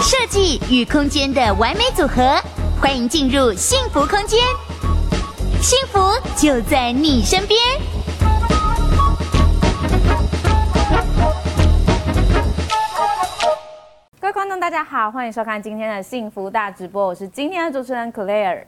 設計與空間的完美組合，歡迎進入幸福空間，幸福就在你身邊。各位觀眾，大家好，歡迎收看今天的幸福大直播，我是今天的主持人 Claire。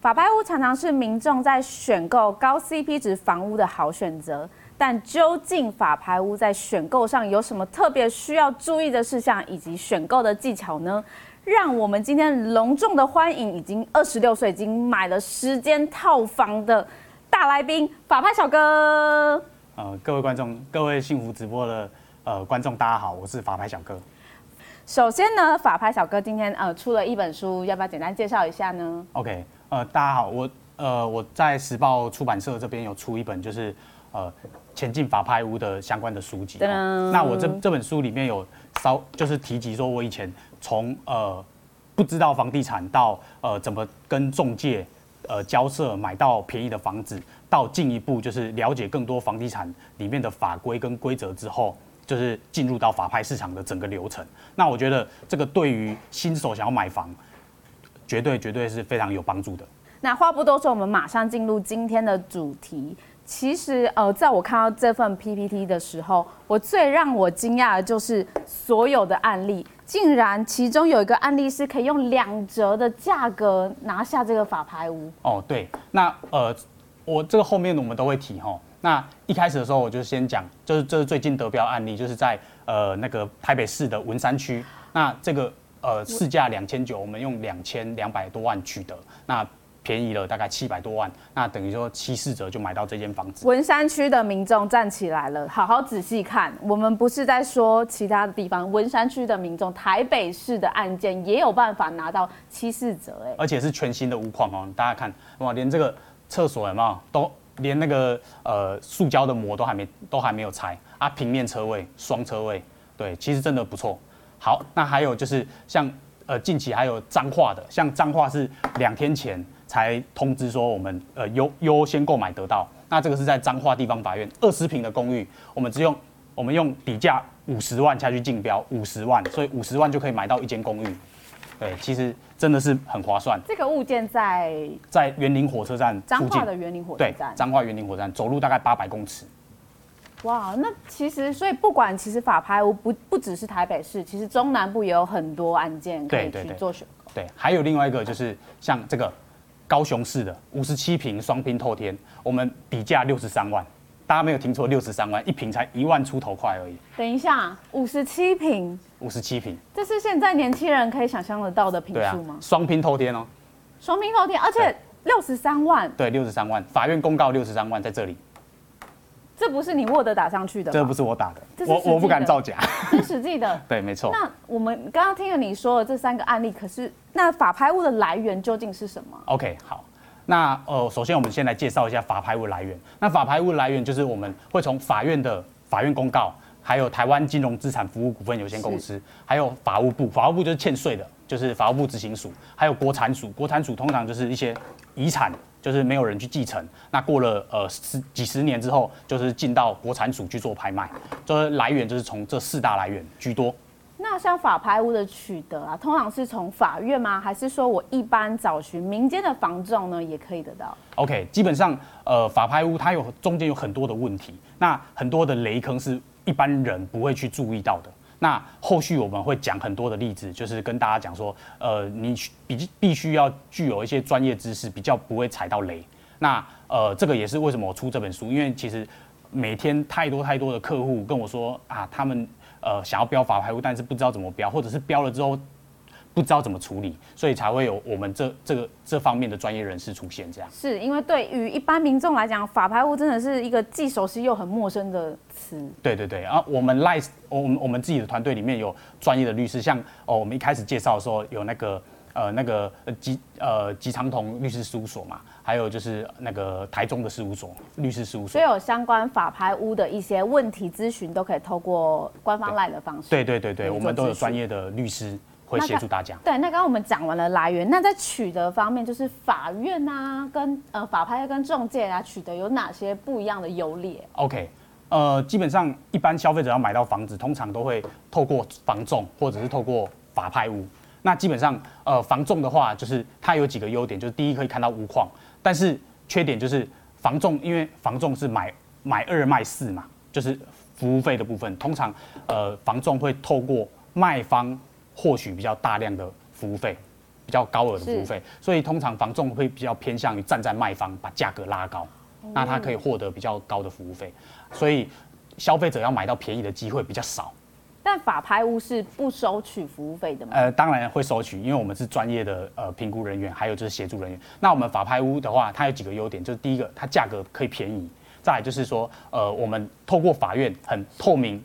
法拍屋常常是民眾在選購高 CP 值房屋的好選擇。但究竟法拍屋在選購上有什麼特別需要注意的事項，以及選購的技巧呢？讓我們今天隆重的歡迎已經二十六歲、已經買了十間套房的大來賓法拍小哥。呃，各位觀眾，各位幸福直播的、呃、觀眾，大家好，我是法拍小哥。首先呢，法拍小哥今天呃出了一本書，要不要簡單介紹一下呢？OK，呃，大家好，我呃我在時報出版社這邊有出一本，就是。呃，前進法拍屋的相關的書籍。那我這這本書裡面有稍就是提及說，我以前從呃不知道房地產到呃怎麼跟中介呃交涉買到便宜的房子，到進一步就是了解更多房地產裡面的法規跟規則之後，就是進入到法拍市場的整個流程。那我覺得這個對於新手想要買房，絕對絕對是非常有幫助的。那話不多說，我們馬上進入今天的主題。其實，呃，在我看到這份 PPT 的時候，我最讓我驚訝的就是所有的案例，竟然其中有一個案例是可以用兩折的價格拿下這個法拍屋。哦，對，那呃，我這個後面我們都會提哈、哦。那一開始的時候，我就先講，就是就是最近得標的案例，就是在呃那個台北市的文山區，那這個呃市價兩千九，我們用兩千兩百多萬取得。那便宜了大概七百多萬，那等於說七四折就買到這間房子。文山區的民眾站起來了，好好仔細看，我們不是在說其他的地方，文山區的民眾，台北市的案件也有辦法拿到七四折，哎，而且是全新的屋況哦，大家看哇，連這個廁所，有沒有都連那個呃塑膠的膜都還沒都還沒有拆啊，平面車位、雙車位，對，其實真的不錯。好，那還有就是像呃近期還有彰化的，像彰化是兩天前。才通知說我們呃優優先購買得到，那這個是在彰化地方法院二十坪的公寓，我們只用我們用底價五十萬下去競標五十萬，所以五十萬就可以買到一間公寓，對，其實真的是很划算。這個物件在在員林火車站，彰化的員林火車站，彰化員林火車站走路大概八百公尺。哇、wow，那其實所以不管其實法拍屋不不只是台北市，其實中南部也有很多案件可以去做選購。對，還有另外一個就是像這個。高雄市的五十七坪雙拼透天，我們底價六十三萬，大家沒有聽錯，六十三萬一坪才一萬出頭塊而已。等一下，五十七坪，五十七坪，這是現在年輕人可以想象得到的坪數嗎？對啊，雙拼透天哦，雙拼透天，而且六十三萬，對，六十三萬，法院公告六十三萬在這裡。這不是你沃德打上去的，這不是我打的，的我我不敢造假，是實際的， 對，沒錯。那我們剛剛聽了你說的這三個案例，可是那法拍屋的來源究竟是什麼？OK，好，那呃，首先我們先來介紹一下法拍屋來源。那法拍屋來源就是我們會從法院的法院公告，還有台灣金融資產服務股份有限公司，還有法務部，法務部就是欠稅的。就是法務部執行署，還有國產署。國產署通常就是一些遺產，就是沒有人去繼承。那過了呃十幾十年之後，就是進到國產署去做拍賣，這，就是來源就是從這四大來源居多。那像法拍屋的取得啊，通常是從法院嗎？還是說我一般找尋民間的房仲呢，也可以得到？OK，基本上呃法拍屋它有中間有很多的問題，那很多的雷坑是一般人不會去注意到的。那後續我們會講很多的例子，就是跟大家講說，呃，你必必須要具有一些專業知識，比較不會踩到雷。那呃，這個也是為什麼我出這本書，因為其實每天太多太多的客戶跟我說啊，他們呃想要標法拍屋，但是不知道怎麼標，或者是標了之後。不知道怎麼處理，所以才會有我們這這個這方面的專業人士出現。這樣是因為對於一般民眾來講，法拍屋真的是一個既熟悉又很陌生的詞。對對對，然、啊、後我們賴，我我們自己的團隊裡面有專業的律師，像哦，我們一開始介紹的時候有那個呃那個吉呃吉昌同律師事務所嘛，還有就是那個台中的事務所律師事務所。所有相關法拍屋的一些問題諮詢，都可以透過官方賴的方式。對對對對，對，我們都有專業的律師。會協助大家。對，那剛剛我們講完了來源，那在取得方面，就是法院啊，跟呃法拍跟仲介啊取得有哪些不一樣的優劣？OK，呃，基本上一般消費者要買到房子，通常都會透過房仲或者是透過法拍屋。那基本上，呃，房仲的話，就是它有幾個優點，就是第一可以看到屋況，但是缺點就是房仲，因為房仲是買買二賣四嘛，就是服務費的部分，通常呃房仲會透過賣方。獲取比較大量的服務費，比較高額的服務費，所以通常房仲會比較偏向於站在賣方，把價格拉高，嗯，那他可以獲得比較高的服務費，所以消費者要買到便宜的機會比較少。但法拍屋是不收取服務費的嗎？呃，當然會收取，因為我們是專業的呃評估人員，還有就是協助人員。那我們法拍屋的話，它有幾個優點，就是第一個，它價格可以便宜；再來就是說，呃，我們透過法院很透明，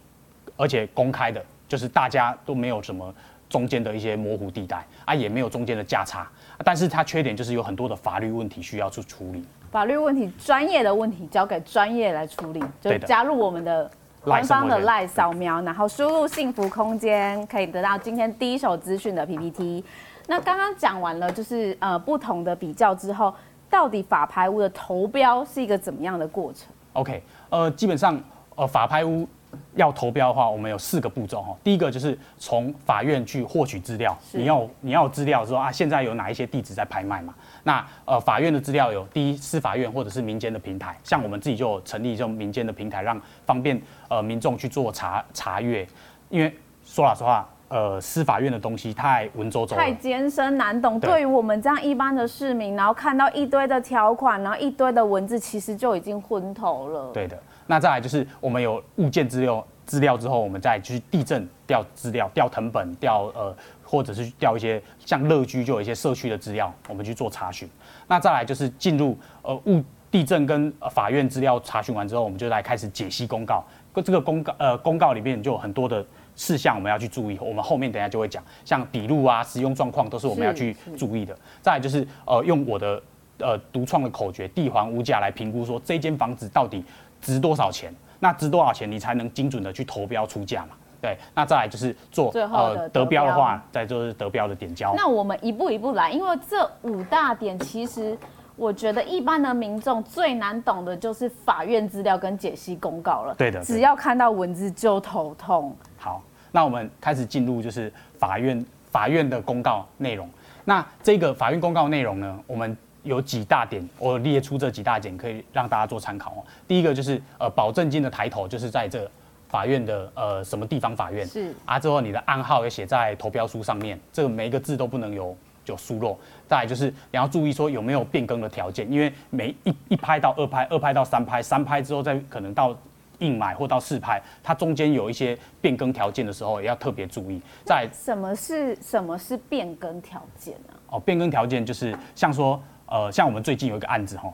而且公開的，就是大家都沒有什麼中間的一些模糊地帶啊，也沒有中間的價差，但是它缺點就是有很多的法律問題需要去處理。法律問題、專業的問題交給專業來處理。對的。就加入我們的官方的 LINE 掃描，然後輸入“幸福空間”，可以得到今天第一手資訊的 PPT。那剛剛講完了，就是呃不同的比較之後，到底法拍屋的投標是一個怎麼樣的過程？OK，呃，基本上呃法拍屋。要投標的話，我們有四個步驟哈。第一個就是從法院去獲取資料，你要你要資料說啊，現在有哪一些地址在拍賣嘛？那呃，法院的資料有第一，司法院或者是民間的平台，像我們自己就成立這種民間的平台，讓方便呃民眾去做查查閱。因為說老實話。呃，司法院的東西太文縐縐，太艱深難懂對。對於我們這樣一般的市民，然後看到一堆的條款，然後一堆的文字，其實就已經昏頭了。對的，那再來就是我們有物件資料資料之後，我們再就去地震調資料，調謄本，調呃，或者是調一些像樂居就有一些社區的資料，我們去做查詢。那再來就是進入呃物地震跟法院資料查詢完之後，我們就來開始解析公告。這個公告呃公告裡面就有很多的。事項我們要去注意，我們後面等一下就會講，像筆錄啊、使用狀況都是我們要去注意的。再來就是呃，用我的呃獨創的口訣“地環物價”來評估，說這間房子到底值多少錢？那值多少錢，你才能精準的去投標出價嘛？對，那再來就是做最後的得標，呃，得標的話，再就是得標的點交。那我們一步一步來，因為這五大點，其實我覺得一般的民眾最難懂的就是法院資料跟解析公告了。對，對的，只要看到文字就頭痛。那我們開始進入就是法院，法院的公告內容。那這個法院公告內容呢，我們有幾大點，我列出這幾大點可以讓大家做參考哦。第一個就是呃保證金的抬頭，就是在這法院的呃什麼地方法院是啊，之後你的暗號也寫在投標書上面，這個每一個字都不能有有疏漏。再來就是你要注意說有沒有變更的條件，因為每一一拍到二拍，二拍到三拍，三拍之後再可能到，硬買或到試拍，它中間有一些變更條件的時候，也要特別注意。在什麼是什麼是變更條件呢、啊？哦，變更條件就是像說，呃，像我們最近有一個案子哈，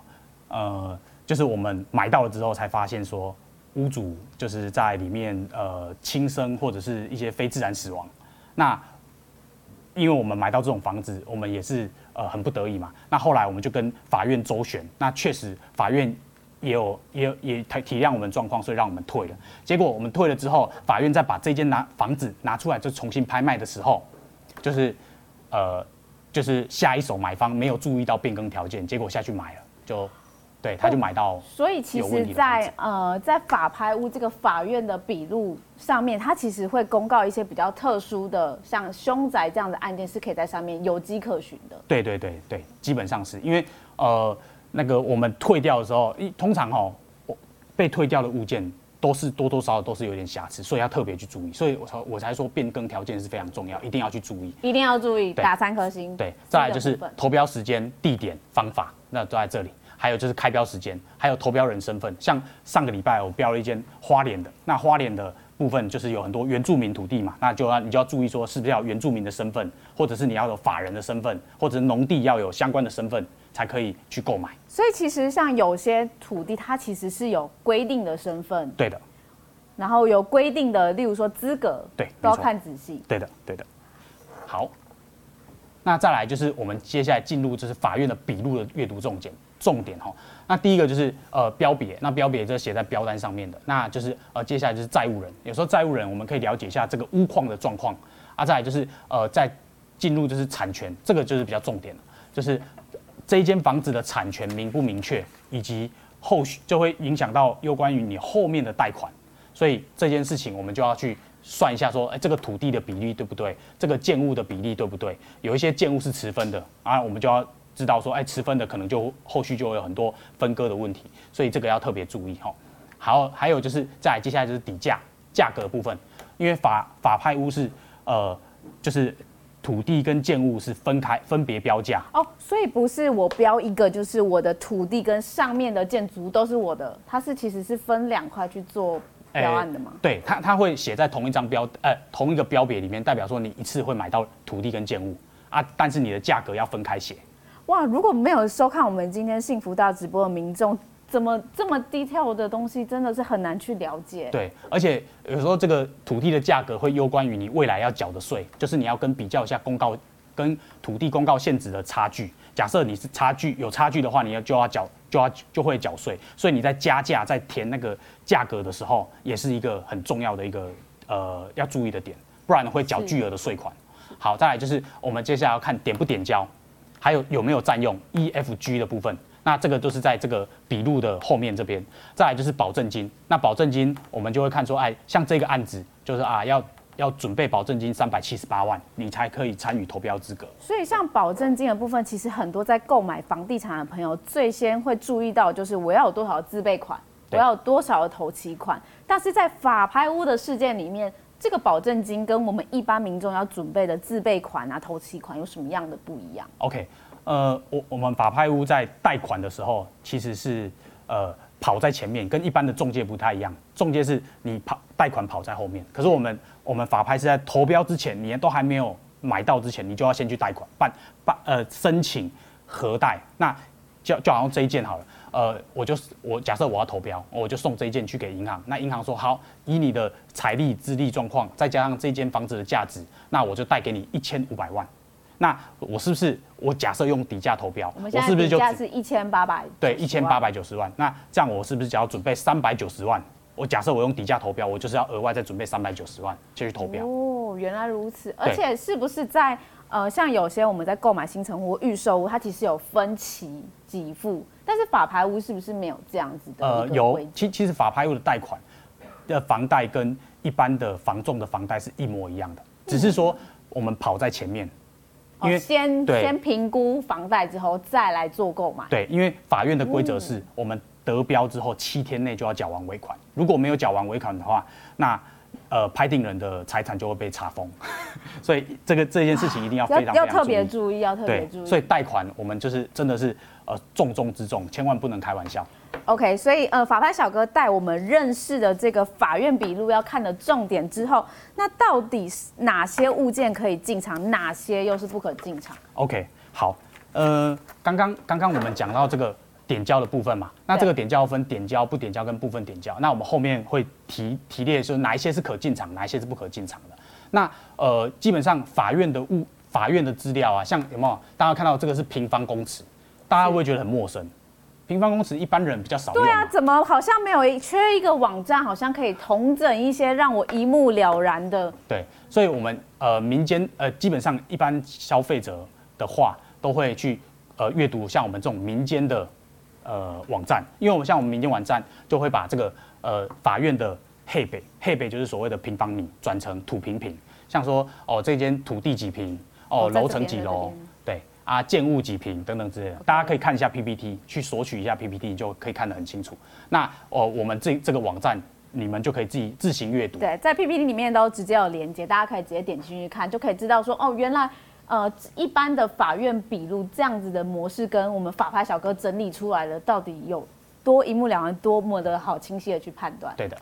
呃，就是我們買到了之後才發現說，屋主就是在裡面呃輕生或者是一些非自然死亡。那因為我們買到這種房子，我們也是呃很不得已嘛。那後來我們就跟法院周旋，那確實法院。也有，也也體體諒我們狀況，所以讓我們退了。結果我們退了之後，法院再把這間拿房子拿出來，就重新拍賣的時候，就是，呃，就是下一手買方沒有注意到變更條件，結果下去買了，就，對，他就買到。所以其實在，在呃，在法拍屋這個法院的筆錄上面，他其實會公告一些比較特殊的，像凶宅這樣的案件，是可以在上面有跡可循的。對對對對，基本上是因為呃。那個我們退掉的時候，一通常哦、喔，我被退掉的物件都是多多少少都是有點瑕疵，所以要特別去注意。所以我我才說，變更條件是非常重要，一定要去注意。一定要注意，打三顆星。對，對，再來就是投標時間、地點、方法，那都在這裡。還有就是開標時間，還有投標人身份。像上個禮拜我標了一間花蓮的，那花蓮的部分就是有很多原住民土地嘛，那就要你就要注意說是不是要原住民的身份，或者是你要有法人的身份，或者農地要有相關的身份，才可以去購買，所以其實像有些土地，它其實是有規定的身份，對的，然後有規定的，例如說資格，對，都要看仔細，對的，對的。好，那再來就是我們接下來進入就是法院的筆錄的閱讀重點，重點哈。那第一個就是呃標別，那標別就寫在標單上面的，那就是呃接下來就是債務人，有時候債務人我們可以了解一下這個屋況的狀況，啊，再來就是呃再進入就是產權，這個就是比較重點了，就是。這一間房子的產權明不明確，以及後續就會影響到有關於你後面的貸款，所以這件事情我們就要去算一下，說，哎、欸，這個土地的比例對不對？這個建物的比例對不對？有一些建物是持分的啊，我們就要知道說，哎、欸，持分的可能就後續就有很多分割的問題，所以這個要特別注意哈、喔。好，還有就是再來，接下來就是底價價格的部分，因為法法拍屋是呃，就是。土地跟建物是分開分別標價哦，所以不是我標一個，就是我的土地跟上面的建築都是我的，它是其實是分兩塊去做標案的嗎？欸、對，它它會寫在同一張標呃同一個標別裡面，代表說你一次會買到土地跟建物啊，但是你的價格要分開寫。哇，如果沒有收看我們今天幸福大直播的民眾。怎麼這麼 detail 的東西真的是很難去了解。對，而且有時候這個土地的價格會攸關於你未來要繳的稅，就是你要跟比較一下公告跟土地公告現值的差距。假設你是差距有差距的話，你要就要繳就要，就，要就會繳稅，所以你在加價在填那個價格的時候，也是一個很重要的一個呃要注意的點，不然會繳巨額的稅款。好，再來就是我們接下來要看點不點交，還有有沒有占用 EFG 的部分。那這個就是在這個筆錄的後面這邊，再來就是保證金。那保證金我們就會看出，哎，像這個案子就是啊，要要準備保證金三百七十八萬，你才可以參與投標資格。所以像保證金的部分，其實很多在購買房地產的朋友最先會注意到，就是我要有多少的自備款，我要有多少的頭期款。但是在法拍屋的事件裡面，這個保證金跟我們一般民眾要準備的自備款啊、頭期款有什麼樣的不一樣？OK。呃，我我們法拍屋在貸款的時候，其實是呃跑在前面，跟一般的仲介不太一樣。仲介是你跑貸款跑在後面，可是我們我們法拍是在投標之前，你都還沒有買到之前，你就要先去貸款辦辦呃申請核貸。那就就好像這一件好了，呃，我就是我假設我要投標，我就送這一件去給銀行，那銀行說好，以你的財力資力狀況，再加上這間房子的價值，那我就貸給你一千五百萬。那我是不是我假設用底價投標？我是不是就底價是一千八百？對，一千八百九十萬。那這樣我是不是只要準備三百九十萬？我假設我用底價投標，我就是要額外再準備三百九十萬進去投標。哦，原來如此。而且是不是在呃，像有些我們在購買新成屋、預售屋，它其實有分期給付，但是法拍屋是不是沒有這樣子的？呃，有。其其實法拍屋的貸款的房貸跟一般的房仲的房貸是一模一樣的，只是說我們跑在前面。因為先先評估房貸之後再來做購買。對，因為法院的規則是我們得標之後七天內就要繳完尾款，如果沒有繳完尾款的話，那呃拍定人的財產就會被查封， 所以這個這件事情一定要非常、啊、要特別注意，要特別注意。所以貸款我們就是真的是呃重中之重，千萬不能開玩笑。OK，所以呃，法拍小哥帶我們認識的這個法院筆錄要看的重點之後，那到底是哪些物件可以進場，哪些又是不可進場？OK，好，呃，剛剛剛剛我們講到這個點交的部分嘛，那這個點交分點交不點交跟部分點交。那我們後面會提提列說哪一些是可進場，哪一些是不可進場的。那呃，基本上法院的物法院的資料啊，像有沒有大家看到這個是平方公尺，大家會覺得很陌生？平方公尺一般人比較少。啊、對啊，怎麼好像沒有缺一個網站？好像可以統整一些讓我一目了然的？對，所以我們呃民間呃基本上一般消費者的話，都會去呃閱讀像我們這種民間的呃網站，因為我們像我們民間網站就會把這個呃法院的黑北、黑北就是所謂的平方米轉成土坪坪，像說哦這間土地幾坪，哦樓層、哦、幾樓。啊，建物幾坪等等之類的，okay. 大家可以看一下 PPT，去索取一下 PPT，就可以看得很清楚。那哦、呃，我們這這個網站，你們就可以自己自行閱讀。對，在 PPT 裡面都直接有連接，大家可以直接點進去看，就可以知道說哦，原來呃一般的法院筆錄這樣子的模式，跟我們法拍小哥整理出來的，到底有多一目了然，多麼的好清晰的去判斷。對的。